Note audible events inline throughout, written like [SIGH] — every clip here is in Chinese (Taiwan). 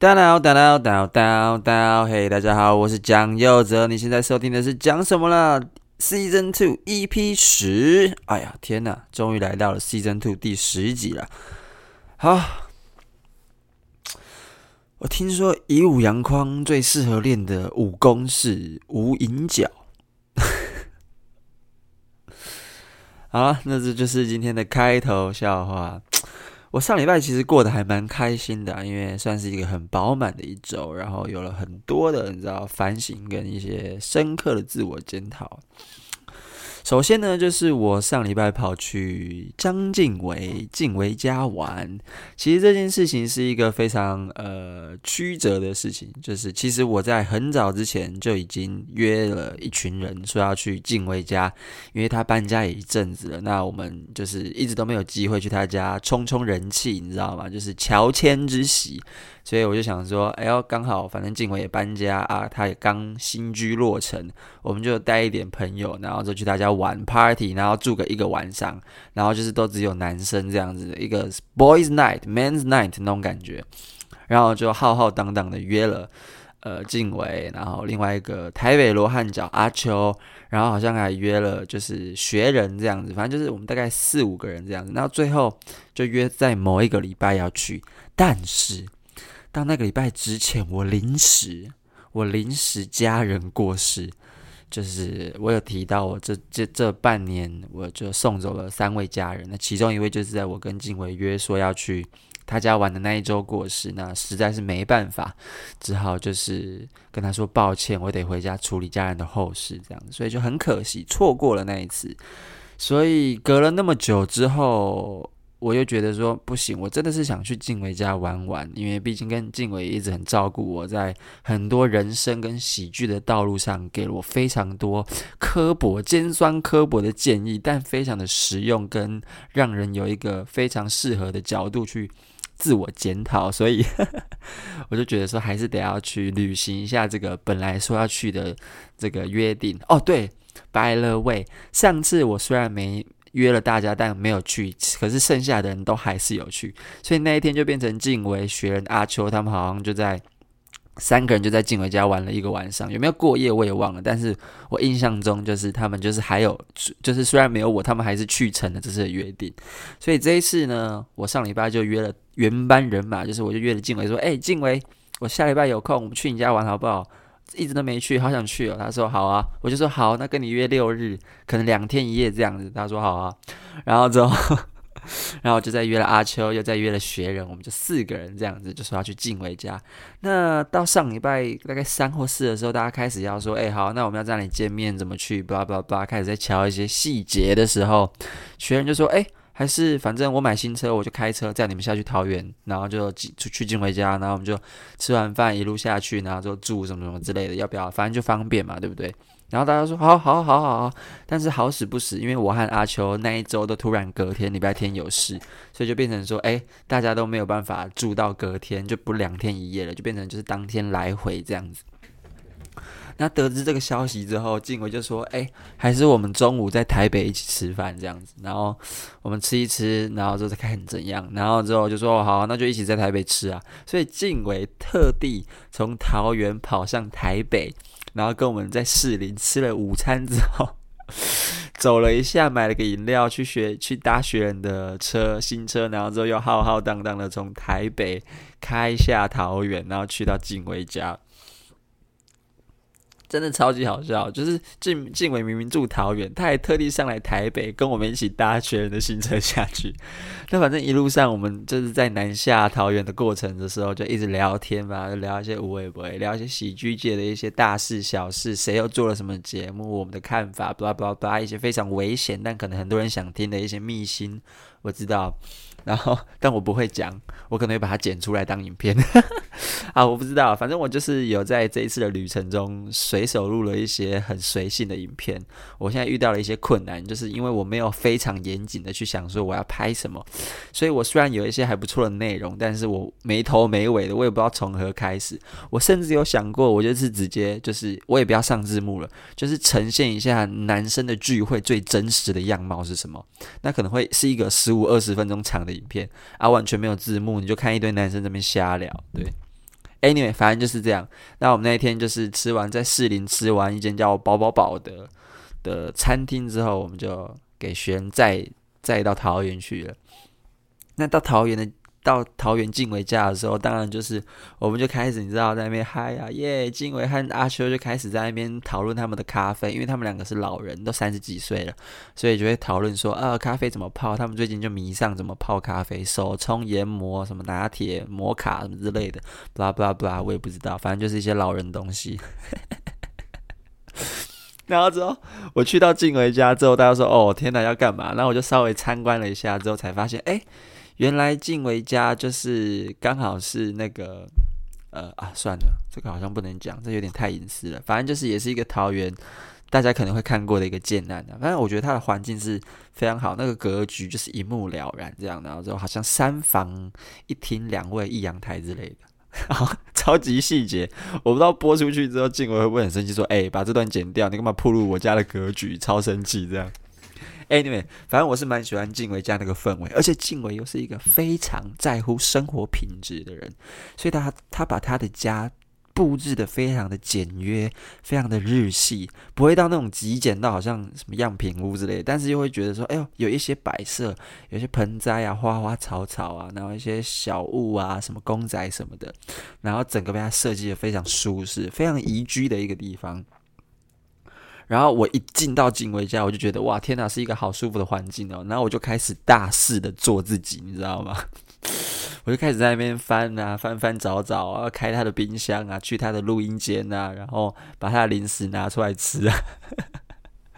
down down 嘿，大家好，我是蔣佑哲，你現在收聽的是講什麼啦？Season Two EP 十，哎呀天哪，終於來到了 Season Two 第十集了。好，我聽說乙武洋匡最適合練的武功是無影腳。 [LAUGHS] 好，那這就是今天的開頭笑話。我上禮拜其實過得還蠻開心的啊，因為算是一個很飽滿的一周，然後有了很多的，你知道，反省跟一些深刻的自我檢討。首先呢，就是我上禮拜跑去張晉唯、晉唯家玩。其實這件事情是一個非常呃曲折的事情，就是其實我在很早之前就已經約了一群人說要去晉唯家，因為他搬家也一陣子了。那我們就是一直都沒有機會去他家衝衝人氣，你知道嗎？就是喬遷之喜。所以我就想說，哎呦，剛好反正晉唯也搬家啊，他也剛新居落成，我們就帶一點朋友，然後就去他家。玩 party，然後住個一個晚上，然後就是都只有男生這樣子，一個 boys night、men's night 那種感覺，然後就浩浩蕩蕩的約了呃晉唯，然後另外一個台北羅漢腳阿秋，然後好像還約了就是學人這樣子，反正就是我們大概四五個人這樣子，然後最後就約在某一個禮拜要去，但是到那個禮拜之前，我臨時我臨時家人過世。就是我有提到，我這這這半年我就送走了三位家人，那其中一位就是在我跟晉唯約說要去他家玩的那一周過世，那實在是沒辦法，只好就是跟他說抱歉，我得回家處理家人的後事，這樣子，所以就很可惜錯過了那一次，所以隔了那麼久之後。我又覺得說不行，我真的是想去晉唯家玩玩，因為畢竟跟晉唯一直很照顧我，在很多人生跟喜劇的道路上，給了我非常多刻薄、尖酸、刻薄的建議，但非常的實用，跟讓人有一個非常適合的角度去自我檢討。所以 [LAUGHS] 我就覺得說，還是得要去履行一下這個本來說要去的這個約定。哦，對，By the way，上次我雖然沒約了大家，但沒有去。可是剩下的人都還是有去，所以那一天就變成晉唯、學人、阿秋他們好像就在三個人就在晉唯家玩了一個晚上，有沒有過夜我也忘了。但是我印象中就是他們就是還有就是雖然沒有我，他們還是去成了這次的約定。所以這一次呢，我上禮拜就約了原班人馬，就是我就約了晉唯說：“哎、欸，晉唯，我下禮拜有空，我們去你家玩好不好？”一直都沒去，好想去哦。他說好啊，我就說好，那跟你約六日，可能兩天一夜這樣子。他說好啊，然後之後，然後就再約了阿秋，又再約了學人，我們就四個人這樣子，就說要去晉唯家。那到上禮拜大概三或四的時候，大家開始要說，哎，好，那我們要在哪裡見面，怎麼去，巴拉巴拉巴拉，開始在敲一些細節的時候，學人就說，哎。還是反正我買新車，我就開車載你們下去桃園，然後就去去晉唯家，然後我們就吃完飯一路下去，然後就住什麼什麼之類的，要不要？反正就方便嘛，對不對？然後大家說好好好好好，但是好死不死，因為我和阿秋那一週都突然隔天禮拜天有事，所以就變成說，誒，大家都沒有辦法住到隔天，就不兩天一夜了，就變成就是當天來回這樣子。那得知這個消息之後，晉唯就說：“哎、欸，還是我們中午在台北一起吃飯這樣子，然後我們吃一吃，然後就看怎樣。”然後之後就說：“好，那就一起在台北吃啊。”所以晉唯特地從桃園跑上台北，然後跟我們在士林吃了午餐之後， [LAUGHS] 走了一下，買了個飲料去學去搭學人的車新車，然後之後又浩浩蕩荡的從台北開下桃園，然後去到晉唯家。真的超級好笑，就是晉唯明明住桃園，他還特地上來台北跟我們一起搭全員的行程下去。那反正一路上我們就是在南下桃園的過程的時候，就一直聊天嘛，就聊一些無吳不偉，聊一些喜劇界的一些大事小事，誰又做了什麼節目，我們的看法，blah blah blah，一些非常危險但可能很多人想聽的一些秘辛，我知道。然後，但我不會講，我可能會把它剪出來當影片。 [LAUGHS] 啊，我不知道，反正我就是有在這一次的旅程中隨手錄了一些很隨性的影片。我現在遇到了一些困難，就是因為我沒有非常嚴謹的去想說我要拍什麼，所以我雖然有一些還不錯的內容，但是我沒頭沒尾的，我也不知道從何開始。我甚至有想過，我就是直接就是我也不要上字幕了，就是呈現一下男生的聚會最真實的樣貌是什麼。那可能會是一個十五二十分鐘長的。影片啊，完全沒有字幕，你就看一堆男生在那邊瞎聊。對，anyway，反正就是這樣。那我們那天就是吃完在士林吃完一間叫“飽飽飽”的的餐廳之後，我們就給玄載載到桃園去了。那到桃園的。到桃園晉唯家的時候，當然就是我們就開始，你知道在那邊嗨啊，耶！晉唯和阿修就開始在那邊討論他們的咖啡，因為他們兩個是老人，都三十幾歲了，所以就會討論說啊，咖啡怎麼泡？他們最近就迷上怎麼泡咖啡，手沖、研磨、什麼拿鐵、摩卡什麼之類的，blah blah blah，我也不知道，反正就是一些老人東西。 [LAUGHS] 然後之後我去到晉唯家之後，大家說哦天哪要幹嘛？然後我就稍微參觀了一下之後，才發現哎。欸原來晉唯家就是剛好是那個呃啊，算了，這個好像不能講，這有點太隱私了。反正就是也是一個桃園，大家可能會看過的一個建案的。反正我覺得它的環境是非常好，那個格局就是一目了然這樣，然後就好像三房一廳兩衛一陽台之類的，然後超級細節。我不知道播出去之後晉唯會不會很生氣，說哎、欸，把這段剪掉，你干嘛曝露我家的格局，超生氣這樣。Anyway，反正我是蠻喜歡晉唯家那個氛圍，而且晉唯又是一個非常在乎生活品質的人，所以他他把他的家布置得非常的簡約，非常的日系，不會到那種極簡到好像什麼樣品屋之類的，但是又會覺得說，哎呦，有一些擺設，有些盆栽啊、花花草草啊，然後一些小物啊，什麼公仔什麼的，然後整個被他設計得非常舒適、非常宜居的一個地方。然後我一進到晉唯家，我就覺得哇，天哪，是一個好舒服的環境哦。然後我就開始大肆的做自己，你知道嗎？我就開始在那邊翻啊，翻翻找找，啊，開他的冰箱啊，去他的錄音間啊，然後把他的零食拿出來吃啊，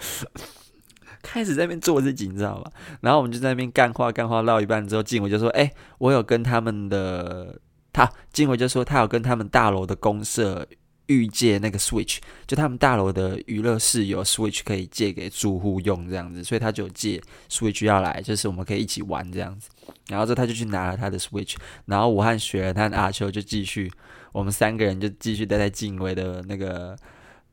[LAUGHS] 開始在那邊做自己，你知道嗎？然後我們就在那邊幹話幹話，嘮一半之後，晉唯就說：“哎、欸，我有跟他們的他，晉唯就說他有跟他們大樓的公社。”欲借那個 Switch，就他們大樓的娛樂室有 Switch 可以借給住戶用這樣子，所以他就借 Switch 要來，就是我們可以一起玩這樣子。然後之後他就去拿了他的 Switch，然後武漢學他阿秋就繼續，我們三個人就繼續待在晉唯的那個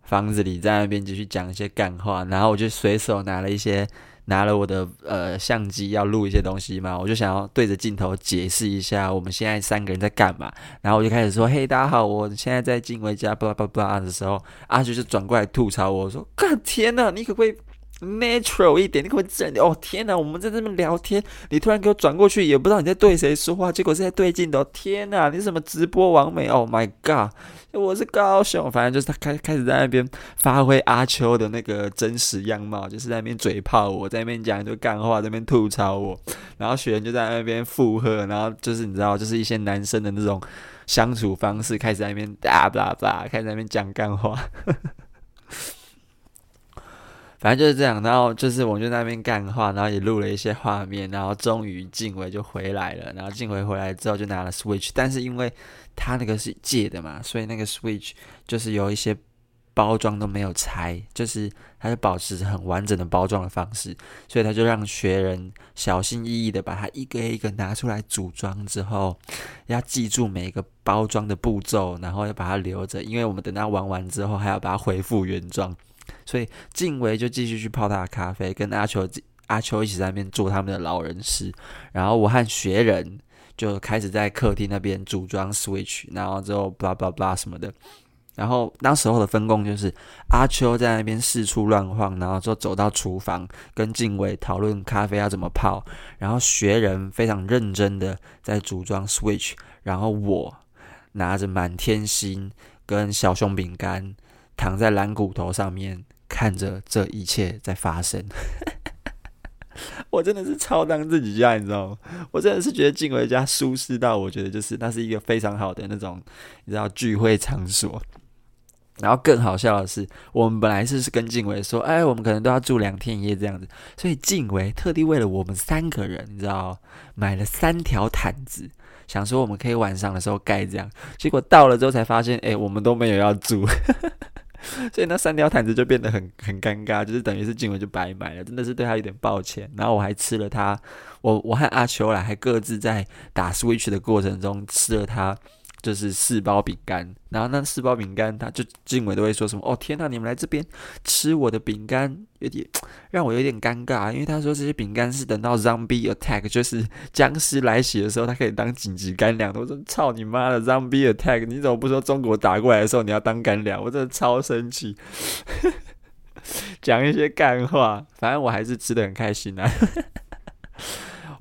房子裡，在那邊繼續講一些幹話。然後我就隨手拿了一些。拿了我的呃相機要錄一些東西嘛，我就想要對着鏡頭解釋一下我們現在三個人在幹嘛，然後我就開始說：“嘿，大家好，我現在在晉唯家，巴拉巴拉的時候，阿、啊、菊就是、轉過來吐槽我說：‘看，天吶，你可不可以？’” Natural 一點，你給我整的哦！天吶，我們在這邊聊天，你突然給我轉過去，也不知道你在對誰說話，結果是在對鏡頭。天吶，你什麼直播完美？Oh my god，我是高興。反正就是他開開始在那邊發揮阿秋的那個真實樣貌，就是在那邊嘴炮我，我在那邊講就幹話，在那邊吐槽我，然後學員就在那邊附和，然後就是你知道，就是一些男生的那種相處方式，開始在那邊打打打，開始在那邊講幹話。呵呵反正就是這樣，然後就是我們就那邊乾話，然後也錄了一些畫面，然後終於晉唯就回來了。然後晉唯回來之後，就拿了 Switch，但是因為他那個是借的嘛，所以那個 Switch 就是有一些包裝都沒有拆，就是他就保持很完整的包裝的方式，所以他就讓學人小心翼翼的把它一個一個拿出來組裝之後，要記住每一個包裝的步驟，然後要把它留着，因為我們等他玩完之後還要把它恢復原狀。所以晉唯就繼續去泡他的咖啡，跟阿秋、阿秋一起在那邊做他們的老人事。然後我和學人就開始在客廳那邊組裝 Switch，然後之後，blah blah blah 什麼的。然後當時候的分工就是，阿秋在那邊四處亂晃，然後就走到廚房跟晉唯討論咖啡要怎麼泡，然後學人非常認真的在組裝 Switch，然後我拿着滿天星跟小熊餅乾。躺在懶骨頭上面看着這一切在發生， [LAUGHS] 我真的是超當自己家，你知道嗎？我真的是覺得晉唯家舒適到，我覺得就是那是一個非常好的那種，你知道聚會場所。然後更好笑的是，我們本來是跟晉唯說，哎，我們可能都要住兩天一夜這樣子，所以晉唯特地為了我們三個人，你知道，買了三條毯子，想說我們可以晚上的時候蓋這樣。結果到了之後才發現，哎，我們都沒有要住。 [LAUGHS] 所以那三條毯子，就變得很很尷尬，就是等於是晉唯就白買了，真的是對他有點抱歉。然後我還吃了他，我我和阿秋來還各自在打 Switch 的過程中吃了他。就是四包餅乾，然後那四包餅乾，他就晉唯都會說什麼，哦天哪，你們來這邊吃我的餅乾，有點讓我有點尷尬，因為他說這些餅乾是等到 zombie attack，就是殭屍來襲的時候，他可以當緊急乾糧的。我說操你媽的 zombie attack，你怎麼不說中國打過來的時候你要當乾糧？我真的超生氣，講 [LAUGHS] 一些幹話，反正我還是吃得很開心啊。 [LAUGHS]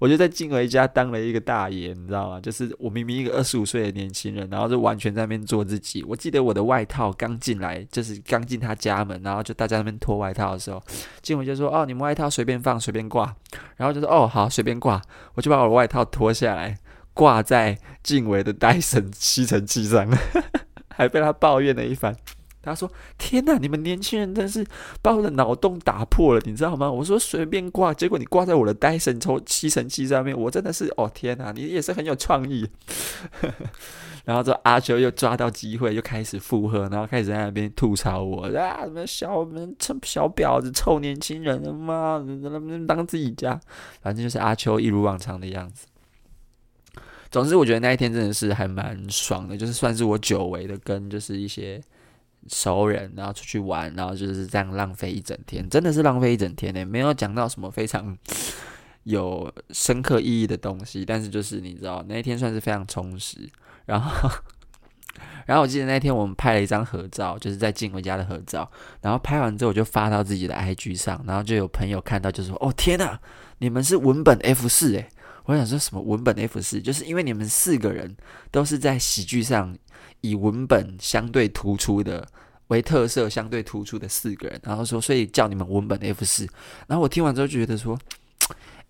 我就在晉唯家當了一個大爺，你知道嗎？就是我明明一個二十五歲的年輕人，然後就完全在那邊做自己。我記得我的外套剛進來，就是剛進他家門，然後就大家在那邊脫外套的時候，晉唯就說：“哦，你們外套隨便放，隨便掛。”然後就說：“哦，好，隨便掛。”我就把我的外套脫下來掛在晉唯的戴森吸塵器上， [LAUGHS] 還被他抱怨了一番。他說：“天哪，你們年輕人真是把我的腦洞打破了，你知道嗎？”我說：“隨便掛。”結果你掛在我的戴森抽吸塵器上面，我真的是哦天哪！你也是很有創意。 [LAUGHS] 然後這阿秋又抓到機會，又開始附和，然後開始在那邊吐槽我，啊，什麼小人臭小婊子，臭年輕人的嘛，能不能當自己家。反正就是阿秋一如往常的樣子。總之，我覺得那一天真的是還蠻爽的，就是算是我久違的跟就是一些。熟人，然後出去玩，然後就是這樣浪費一整天，真的是浪費一整天呢，沒有講到什麼非常有深刻意義的東西，但是就是你知道，那一天算是非常充實。然後，然後我記得那天我們拍了一張合照，就是在晉唯家的合照，然後拍完之後我就發到自己的 IG 上，然後就有朋友看到就說：“哦天吶，你們是文本 F4 哎。”我想說什麼文本 F4？就是因為你們四個人都是在喜劇上以文本相對突出的為特色，相對突出的四個人，然後說所以叫你們文本 F4。然後我聽完之後就覺得說，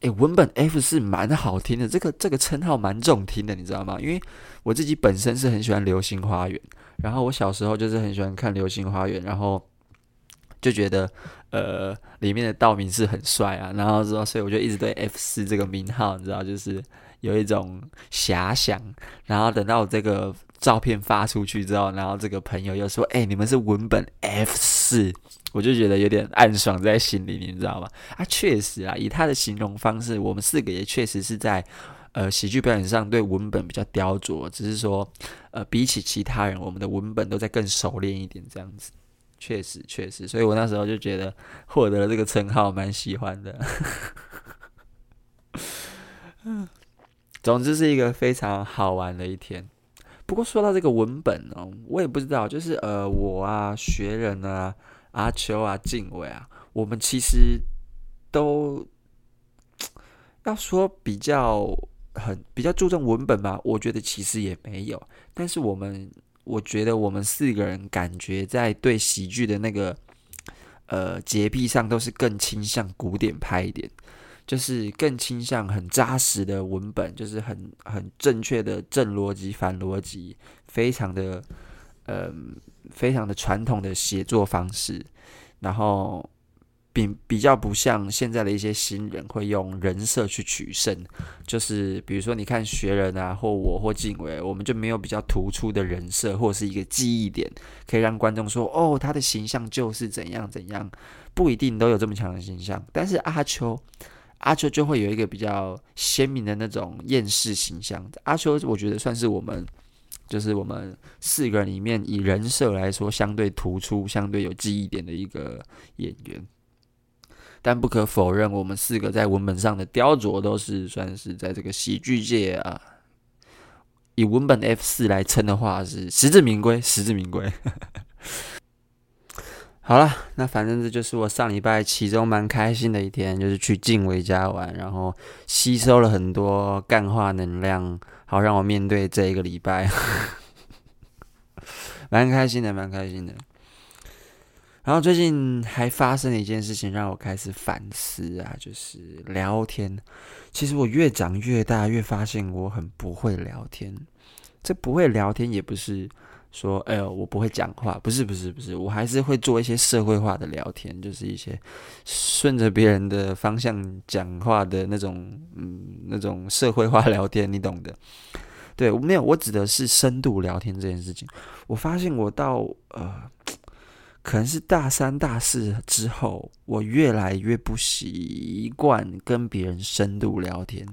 哎，文本 F4 蠻好聽的，這個這個稱號蠻中聽的，你知道嗎？因為我自己本身是很喜歡《流星花園》，然後我小時候就是很喜歡看《流星花園》，然後。就覺得，呃，裡面的道明寺很帥啊，然後之後，所以我就一直對 F 四這個名號，你知道，就是有一種遐想。然後等到我這個照片發出去之後，然後這個朋友又說：“哎、欸，你們是文本 F 四。”我就覺得有點暗爽在心裡，你知道嗎？啊，確實啊，以他的形容方式，我們四個也確實是在呃喜劇表演上對文本比較雕琢，只是說，呃，比起其他人，我們的文本都在更熟練一點，這樣子。確實，確實，所以我那時候就覺得獲得了這個稱號蠻喜歡的。 [LAUGHS] 總之是一個非常好玩的一天。不過說到這個文本呢、哦，我也不知道，就是呃，我啊，學人啊，阿秋啊，晉唯啊，我們其實都要說比較很比較注重文本吧，我覺得其實也沒有，但是我們。我覺得我們四個人感覺在對喜劇的那個呃潔癖上，都是更傾向古典派一點，就是更傾向很扎實的文本，就是很很正確的正邏輯、反邏輯，非常的呃，非常的傳統的寫作方式，然後。比比較不像現在的一些新人會用人設去取勝，就是比如說你看學人啊，或我或晉唯，我們就沒有比較突出的人設或者是一個記憶點，可以讓觀眾說哦，他的形象就是怎樣怎樣，不一定都有這麼強的形象。但是阿秋，阿秋就會有一個比較鮮明的那種厭世形象。阿秋我覺得算是我們，就是我們四個人裡面以人設來說相對突出、相對有記憶點的一個演員。但不可否認，我們四個在文本上的雕琢都是算是在這個喜劇界啊，以文本 F 四來稱的話是實至名歸，實至名歸。 [LAUGHS] 好了，那反正這就是我上禮拜其中蠻開心的一天，就是去靜偉家玩，然後吸收了很多乾化能量，好讓我面對這一個禮拜，蠻 [LAUGHS] 開心的，蠻開心的。然後最近還發生了一件事情，讓我開始反思啊，就是聊天。其實我越長越大，越發現我很不會聊天。這不會聊天也不是說，哎呦，我不會講話，不是，不是，不是，我還是會做一些社會化的聊天，就是一些順着別人的方向講話的那種，嗯，那種社會化聊天，你懂的。對我沒有，我指的是深度聊天這件事情。我發現我到呃。可能是大三、大四之後，我越來越不習慣跟別人深度聊天。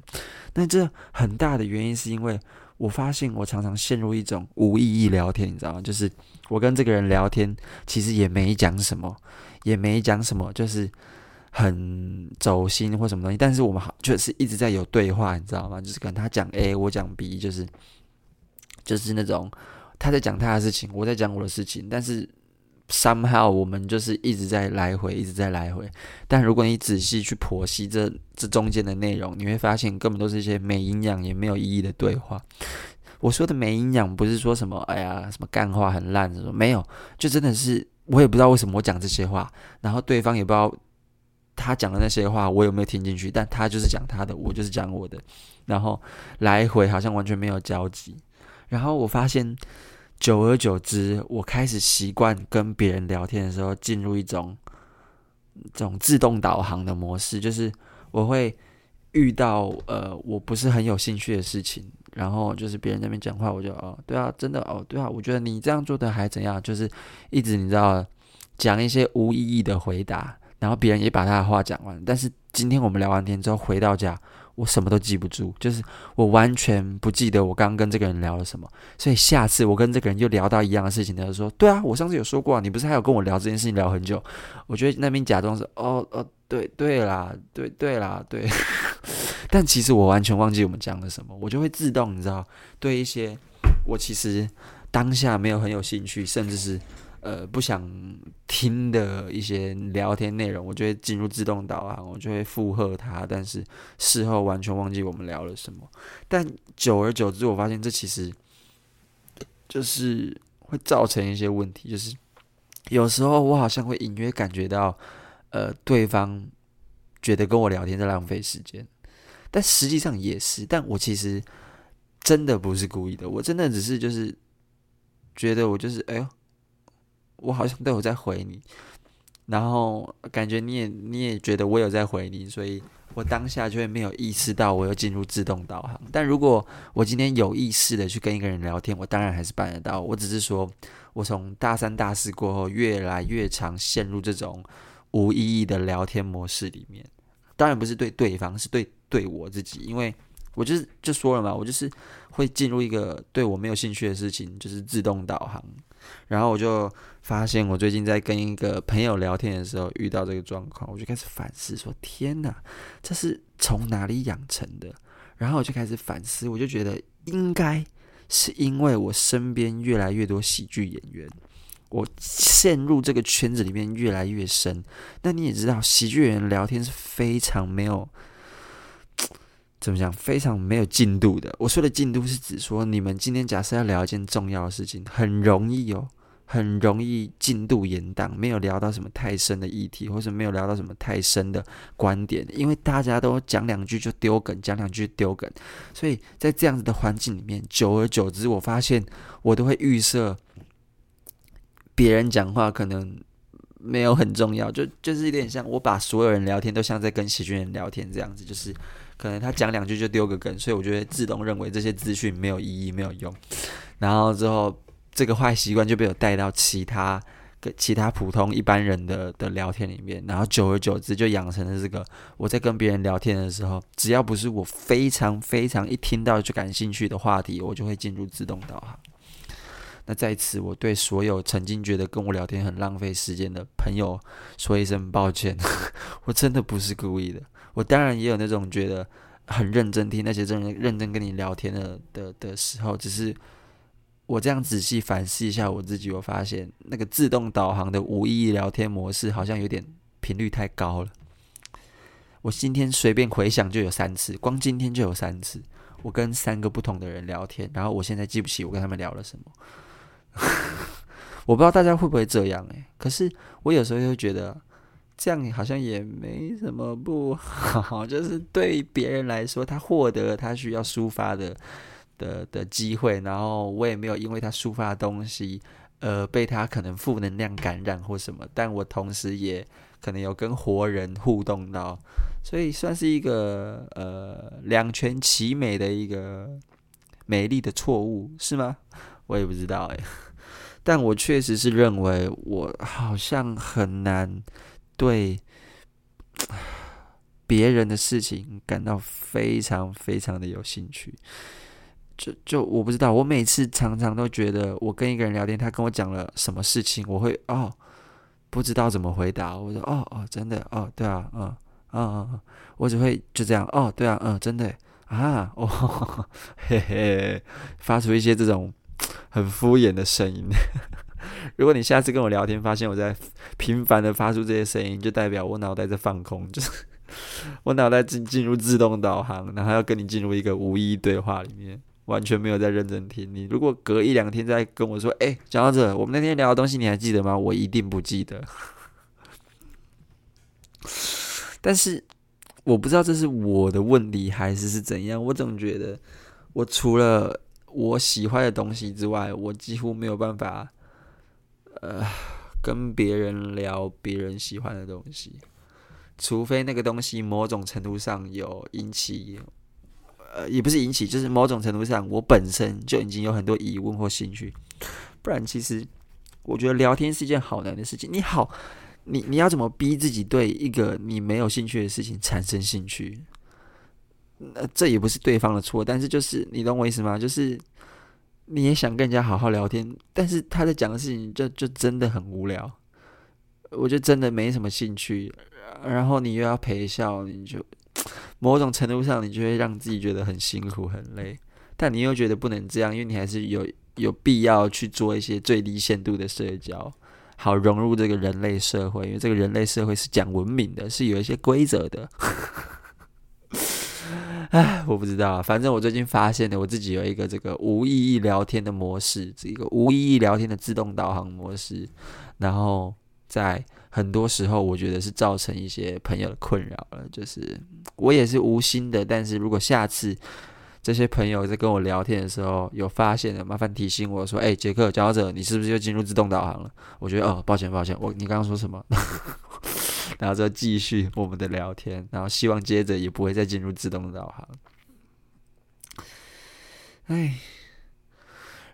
那這很大的原因是因為我發現我常常陷入一種無意義聊天，你知道嗎？就是我跟這個人聊天，其實也沒講什麼，也沒講什麼，就是很走心或什麼東西。但是我們好，就是一直在有對話，你知道嗎？就是跟他講 A，我講 B，就是就是那種他在講他的事情，我在講我的事情，但是。somehow, 我們就是一直在來回，一直在來回。但如果你仔細去剖析這這中間的內容，你會發現根本都是一些沒營養也沒有意義的對話。我說的沒營養不是說什麼，哎呀，什麼幹話很爛，這種沒有，就真的是我也不知道為什麼我講這些話，然後對方也不知道他講的那些話我有沒有聽進去，但他就是講他的，我就是講我的，然後來回好像完全沒有交集。然後我發現。久而久之，我開始習慣跟別人聊天的時候進入一種這種自動導航的模式，就是我會遇到呃，我不是很有興趣的事情，然後就是別人在那邊講話，我就哦對啊，真的哦，對啊，我覺得你這樣做的還怎樣，就是一直你知道講一些無意義的回答，然後別人也把他的話講完，但是今天我們聊完天之後回到家。我什麼都記不住，就是我完全不記得我剛剛跟這個人聊了什麼，所以下次我跟這個人又聊到一樣的事情，他就說對啊，我上次有說過，啊，你不是還有跟我聊這件事情聊很久？我覺得那邊假裝是哦哦，對對啦，對對啦，對。對對 [LAUGHS] 但其實我完全忘記我們講了什麼，我就會自動你知道，對一些我其實當下沒有很有興趣，甚至是。呃，不想聽的一些聊天內容，我就會進入自動導航，我就會附和他，但是事後完全忘記我們聊了什麼。但久而久之，我發現這其實就是會造成一些問題，就是有時候我好像會隱約感覺到，呃，對方覺得跟我聊天在浪費時間，但實際上也是，但我其實真的不是故意的，我真的只是就是覺得我就是哎呦，我好像都有在回你，然後感覺你也你也覺得我有在回你，所以我當下就會沒有意識到我要進入自動導航。但如果我今天有意識的去跟一個人聊天，我當然還是辦得到。我只是說，我從大三、大四過後越來越常陷入這種無意義的聊天模式裡面。當然不是對對方，是對對我自己，因為我就是就說了嘛，我就是會進入一個對我沒有興趣的事情，就是自動導航。然後我就發現，我最近在跟一個朋友聊天的時候遇到這個狀況，我就開始反思，說：“天哪，這是從哪裡養成的？”然後我就開始反思，我就覺得應該是因為我身邊越來越多喜劇演員，我陷入這個圈子裡面越來越深。那你也知道，喜劇演員聊天是非常沒有。怎麼講？非常沒有進度的。我說的進度是指說，你們今天假設要聊一件重要的事情，很容易哦，很容易進度延宕，沒有聊到什麼太深的議題，或是沒有聊到什麼太深的觀點，因為大家都講兩句就丟梗，講兩句丟梗，所以在這樣子的環境裡面，久而久之，我發現我都會預設別人講話可能沒有很重要，就就是有點點像我把所有人聊天都像在跟喜劇人聊天這樣子，就是。可能他講兩句就丟個梗，所以我就會自動認為這些資訊沒有意義、沒有用。然後之後這個壞習慣就被我帶到其他跟其他普通一般人的的聊天裡面，然後久而久之就養成了這個：我在跟別人聊天的時候，只要不是我非常非常一聽到就感興趣的話題，我就會進入自動導航。那在此，我對所有曾經覺得跟我聊天很浪費時間的朋友說一聲抱歉，我真的不是故意的。我當然也有那種覺得很認真聽那些真的認真跟你聊天的的的時候，只是我這樣仔細反思一下我自己，我發現那個自動導航的無意義聊天模式好像有點頻率太高了。我今天隨便回想就有三次，光今天就有三次，我跟三個不同的人聊天，然後我現在記不起我跟他們聊了什麼。 [LAUGHS] 我不知道大家會不會這樣誒、欸，可是我有時候又會覺得。這樣好像也沒什麼不好，就是對別人來說，他獲得了他需要抒發的的的機會，然後我也沒有因為他抒發的東西，呃，被他可能負能量感染或什麼，但我同時也可能有跟活人互動到，所以算是一個，呃，兩全其美的一個美麗的錯誤，是嗎？我也不知道哎、欸，但我確實是認為我好像很難。對別人的事情感到非常非常的有興趣，就就我不知道，我每次常常都覺得，我跟一個人聊天，他跟我講了什麼事情，我會哦，不知道怎麼回答，我說哦哦，真的哦，對啊，嗯嗯嗯，我只會就這樣，哦對啊，嗯，真的啊，哦嘿嘿，發出一些這種很敷衍的聲音。如果你下次跟我聊天，發現我在頻繁的發出這些聲音，就代表我腦袋在放空，就是我腦袋進進入自動導航，然後要跟你進入一個無意對話裡面，完全沒有在認真聽你。如果隔一兩天再跟我說，誒、欸，講到這，我們那天聊的東西你還記得嗎？我一定不記得。但是我不知道這是我的問題，還是是怎樣？我總覺得我除了我喜歡的東西之外，我幾乎沒有辦法。呃，跟別人聊別人喜歡的東西，除非那個東西某種程度上有引起，呃，也不是引起，就是某種程度上我本身就已經有很多疑問或興趣，不然其實我覺得聊天是一件好難的事情。你好，你你要怎麼逼自己對一個你沒有興趣的事情產生興趣？那這也不是對方的錯，但是就是你懂我意思嗎？就是。你也想跟人家好好聊天，但是他在講的事情就就真的很無聊，我就真的沒什麼興趣。然後你又要陪笑，你就某種程度上你就會讓自己覺得很辛苦很累。但你又覺得不能這樣，因為你還是有有必要去做一些最低限度的社交，好融入這個人類社會。因為這個人類社會是講文明的，是有一些規則的。 [LAUGHS] 唉，我不知道，反正我最近發現的，我自己有一個這個無意義聊天的模式，這個無意義聊天的自動導航模式。然後在很多時候，我覺得是造成一些朋友的困擾了。就是我也是無心的，但是如果下次這些朋友在跟我聊天的時候有發現了，麻煩提醒我說，誒、欸、傑克、佼佼者，你是不是又進入自動導航了？我覺得，哦，抱歉，抱歉，我你剛剛說什麼？ [LAUGHS] 然後就繼續我們的聊天，然後希望接着也不會再進入自動導航。哎。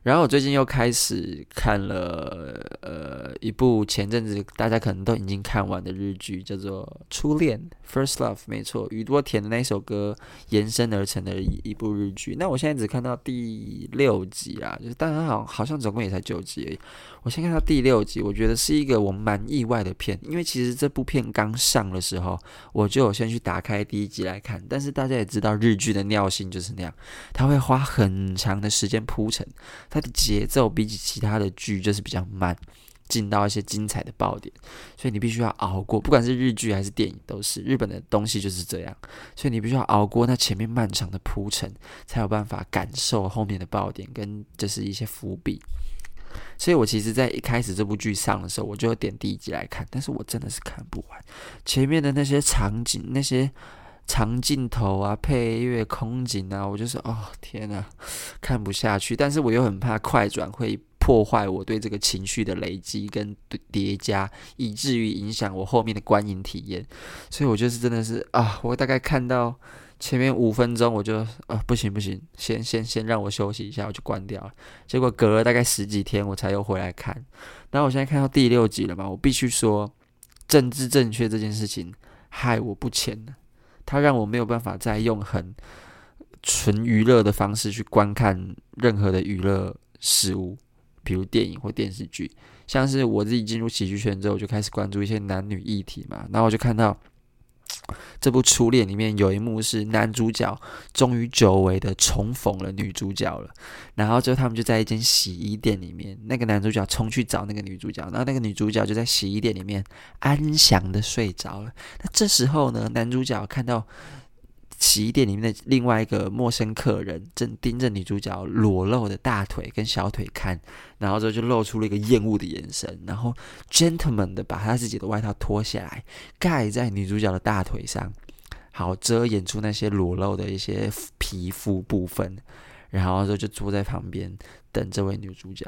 然後我最近又開始看了，呃，一部前陣子大家可能都已經看完的日劇，叫做《初戀》（First Love）。沒錯，宇多田的那首歌延伸而成的一,一部日劇。那我現在只看到第六集啊，就是，當然好像好像總共也才九集而已。我先看到第六集，我覺得是一個我蠻意外的片，因為其實這部片剛上的時候，我就有先去打開第一集來看。但是大家也知道，日劇的尿性就是那樣，它會花很長的時間鋪陳。它的節奏比起其他的劇，就是比較慢，進到一些精彩的爆點，所以你必須要熬過，不管是日劇還是電影都是，日本的東西就是這樣，所以你必須要熬過那前面漫長的鋪陳，才有辦法感受後面的爆點跟就是一些伏筆。所以我其實在一開始這部劇上的時候，我就有點第一集來看，但是我真的是看不完前面的那些場景，那些。長鏡頭啊，配樂空景啊，我就是哦天吶，看不下去。但是我又很怕快轉會破壞我對這個情緒的累積跟疊加，以至於影響我後面的觀影體驗。所以我就是真的是啊，我大概看到前面五分鐘我就啊不行不行，先先先讓我休息一下，我就關掉了。結果隔了大概十幾天我才又回來看。那我現在看到第六集了嘛，我必須說，政治正確這件事情害我不淺。它讓我沒有辦法再用很純娛樂的方式去觀看任何的娛樂事物，比如電影或電視劇。像是我自己進入喜劇圈之後，就開始關注一些男女議題嘛，然後我就看到。這部《初戀》裡面有一幕是男主角終於久違的重逢了女主角了，然後之後他們就在一間洗衣店裡面，那個男主角衝去找那個女主角，然後那個女主角就在洗衣店裡面安詳的睡着了。那這時候呢，男主角看到，洗衣店裡面的另外一個陌生客人正盯着女主角裸露的大腿跟小腿看，然後之後就露出了一個厭惡的眼神，然後 gentleman 的把他自己的外套脫下來蓋在女主角的大腿上，好遮掩住那些裸露的一些皮膚部分，然後之後就坐在旁邊等這位女主角。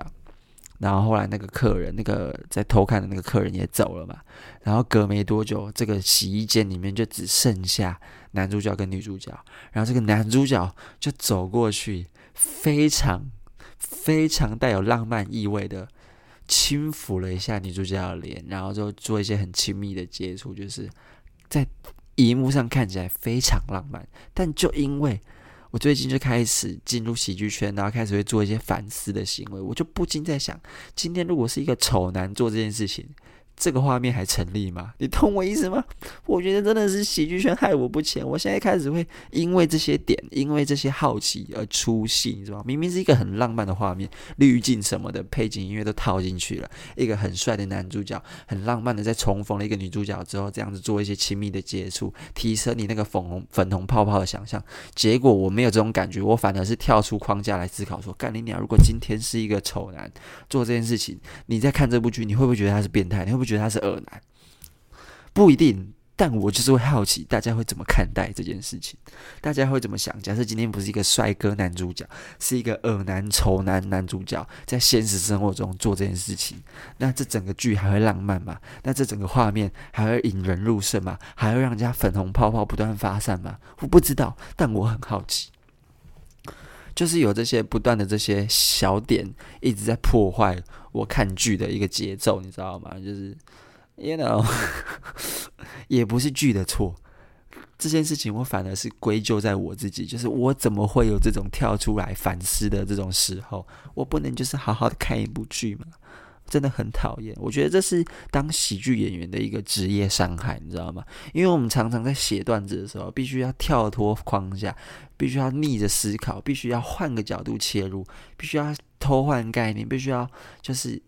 然後後來那個客人，那個在偷看的那個客人也走了嘛。然後隔沒多久，這個洗衣間裡面就只剩下男主角跟女主角。然後這個男主角就走過去，非常非常帶有浪漫意味的輕撫了一下女主角的臉，然後就做一些很親密的接觸，就是在熒幕上看起來非常浪漫，但就因為。我最近就開始進入喜劇圈，然後開始會做一些反思的行為，我就不禁在想，今天如果是一個醜男做這件事情。這個畫面還成立嗎？你懂我意思嗎？我覺得真的是喜劇圈害我不淺。我現在開始會因為這些點，因為這些好奇而出戲，你知道嗎？明明是一個很浪漫的畫面，濾鏡什麼的，背景音樂都套進去了，一個很帥的男主角，很浪漫的在重逢了一個女主角之後，這樣子做一些親密的接觸，提升你那個粉紅粉紅泡泡的想象。結果我沒有這種感覺，我反而是跳出框架來思考，說：幹你娘！如果今天是一個醜男做這件事情，你在看這部劇，你會不會覺得他是變態？你會不會？覺得他是惡男，不一定。但我就是會好奇，大家會怎麼看待這件事情？大家會怎麼想？假設今天不是一個帥哥男主角，是一個惡男醜男男主角，在現實生活中做這件事情，那這整個劇還會浪漫嗎？那這整個畫面還會引人入勝嗎？還會讓人家粉紅泡泡不斷發散嗎？我不知道，但我很好奇。就是有這些不斷的這些小點一直在破壞我看劇的一個節奏，你知道嗎？就是，you know， [LAUGHS] 也不是劇的錯，這件事情我反而是歸咎在我自己，就是我怎麼會有這種跳出來反思的這種時候，我不能就是好好的看一部劇嘛。真的很討厭，我覺得這是當喜劇演員的一個職業傷害，你知道嗎？因為我們常常在寫段子的時候，必須要跳脫框架，必須要逆着思考，必須要換個角度切入，必須要偷換概念，必須要就是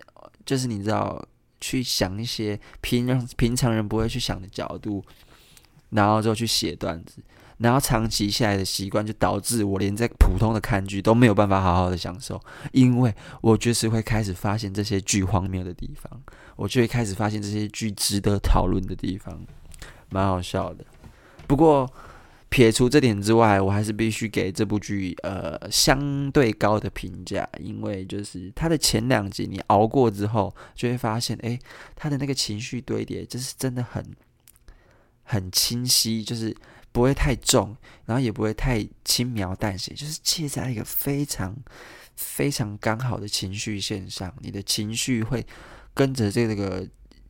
就是你知道去想一些平常平常人不會去想的角度，然後就去寫段子。然後長期下來的習慣，就導致我連在普通的看劇都沒有辦法好好的享受，因為我就是會開始發現這些劇荒謬的地方，我就會開始發現這些劇值得討論的地方，蠻好笑的。不過撇除這點之外，我還是必須給這部劇呃相對高的評價，因為就是他的前兩集你熬過之後，就會發現，誒，他的那個情緒堆疊，就是真的很很清晰，就是。不會太重，然後也不會太輕描淡寫，就是切在一個非常、非常剛好的情緒線上。你的情緒會跟着這個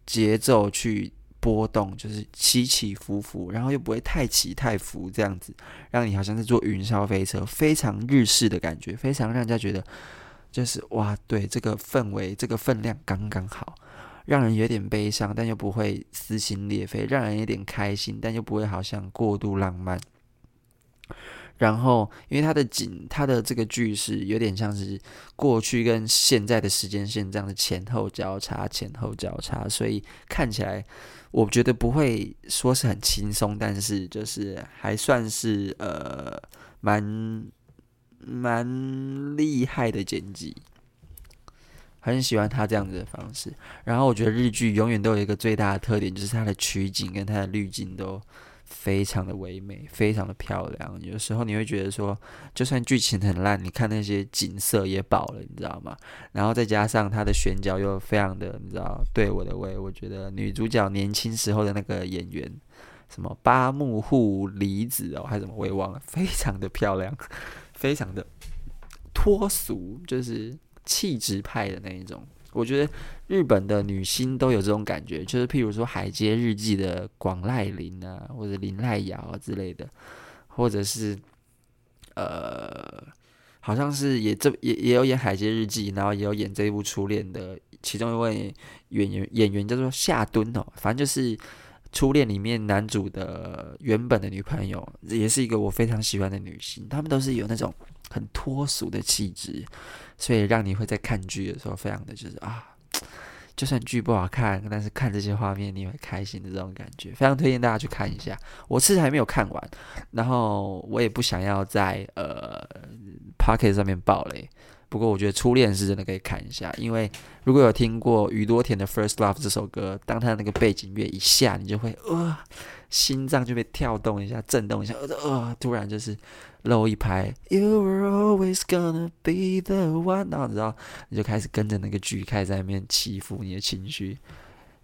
節奏去波動，就是起起伏伏，然後又不會太起太伏，這樣子讓你好像是坐雲霄飛車，非常日式的感覺，非常讓人家覺得就是哇，對，這個氛圍、這個分量剛剛好。讓人有點悲傷，但又不會撕心裂肺；讓人有點開心，但又不會好像過度浪漫。然後，因為它的景、它的這個句式有點像是過去跟現在的時間線這樣的前後交叉、前後交叉，所以看起來我覺得不會說是很輕鬆，但是就是還算是呃，蠻蠻厲害的剪輯。很喜歡他這樣子的方式，然後我覺得日劇永遠都有一個最大的特點，就是它的取景跟它的濾鏡都非常的唯美，非常的漂亮。有時候你會覺得說，就算劇情很爛，你看那些景色也飽了，你知道嗎？然後再加上它的選角又非常的，你知道？對，我的胃，我覺得女主角年輕時候的那個演員，什麼八木戶梨子哦，還是什麼，我也忘了，非常的漂亮，非常的脫俗，就是。氣質派的那一種，我覺得日本的女星都有這種感覺，就是譬如說《海街日記》的廣瀨鈴啊，或者林瀨遙之類的，或者是呃，好像是也這也也有演《海街日記》，然後也有演這一部《初戀》的其中一位演員演員叫做夏敦哦，反正就是。初戀裡面男主的原本的女朋友也是一個我非常喜歡的女性。他們都是有那種很脫俗的氣質，所以讓你會在看劇的時候非常的就是啊，就算劇不好看，但是看這些畫面你也會開心的這種感覺，非常推薦大家去看一下。我其實還沒有看完，然後我也不想要在呃 Pocket 上面爆雷。不過我覺得初戀是真的可以看一下，因為如果有聽過宇多田的《First Love》這首歌，當他的那個背景樂一下，你就會呃，心臟就被跳動一下，震動一下，呃、啊啊，突然就是漏一拍。You were always gonna be the one，然後你，你就開始跟着那個句開始在那邊欺負你的情緒，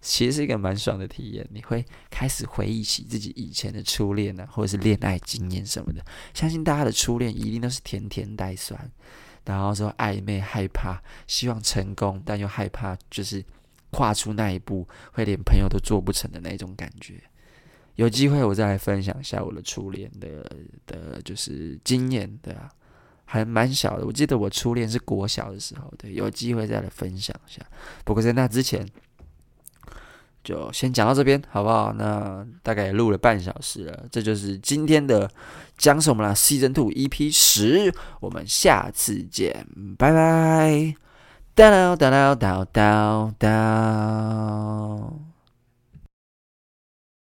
其實是一個蠻爽的體驗，你會開始回憶起自己以前的初戀呢、啊，或者是戀愛經驗什麼的。相信大家的初戀一定都是甜甜帶酸。然後說曖昧害怕，希望成功，但又害怕，就是跨出那一步會連朋友都做不成的那一種感覺。有機會我再來分享一下我的初戀的的，就是經驗，對啊，還蠻小的。我記得我初戀是國小的時候，對，有機會再來分享一下。不過在那之前。就先講到這邊好不好？那大概也錄了半小時了，這就是今天的《蔣什麼啦 Season Two EP 十》，我們下次見，拜拜。噠噠噠噠噠噠噠